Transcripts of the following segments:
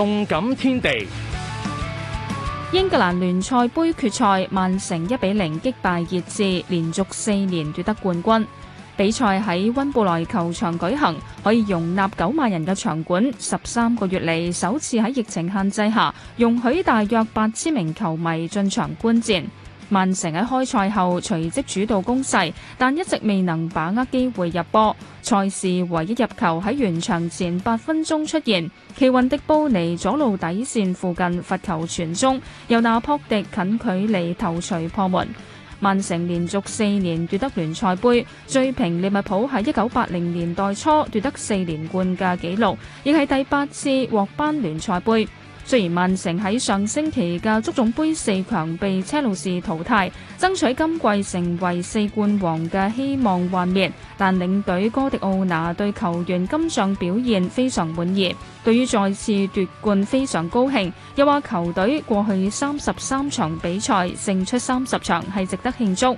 動感天地，英格蘭聯賽盃決賽，曼城一比零擊敗熱刺，連續四年奪得冠軍。比賽喺溫布萊球場舉行，可以容納九萬人嘅場館，十三個月嚟首次喺疫情限制下，容許大約八千名球迷進場觀戰。曼城喺開賽後隨即主導攻勢，但一直未能把握機會入波。賽事唯一入球喺完場前八分鐘出現，奇雲迪布尼左路底線附近罰球傳中，由納波迪近距離頭槌破門。曼城連續四年奪得聯賽盃，最平利物浦喺一九八零年代初奪得四連冠嘅紀錄，亦係第八次獲頒聯賽盃。雖然曼城喺上星期嘅足總杯四強被車路士淘汰，爭取今季成為四冠王嘅希望幻滅，但領隊哥迪奧拿對球員今仗表現非常滿意，對於再次奪冠非常高興，又話球隊過去三十三場比賽勝出三十場係值得慶祝。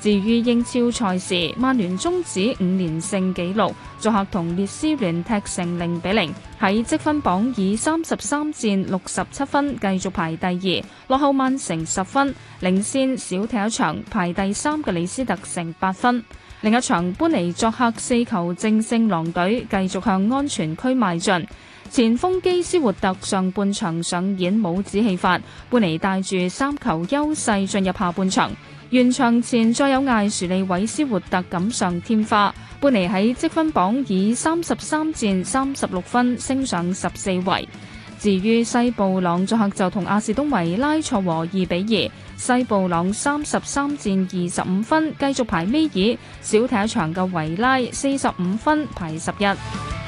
至於英超賽事，曼聯終止五連勝紀錄，作客同列斯聯踢成零比零，喺積分榜以三十三戰六十七分繼續排第二，落後曼城十分，領先少踢一場排第三嘅李斯特城八分。另一場，搬尼作客四球正勝狼隊，繼續向安全區邁進。前鋒基斯活特上半場上演帽子戲法，搬尼帶住三球優勢進入下半場。完場前再有艾殊利·韋斯活特錦上添花，般尼喺積分榜以三十三戰三十六分升上十四位。至於西布朗作客就同阿士東維拉，拉賽和二比二，西布朗三十三戰二十五分繼續排尾二，少賽一場嘅維拉四十五分排十一。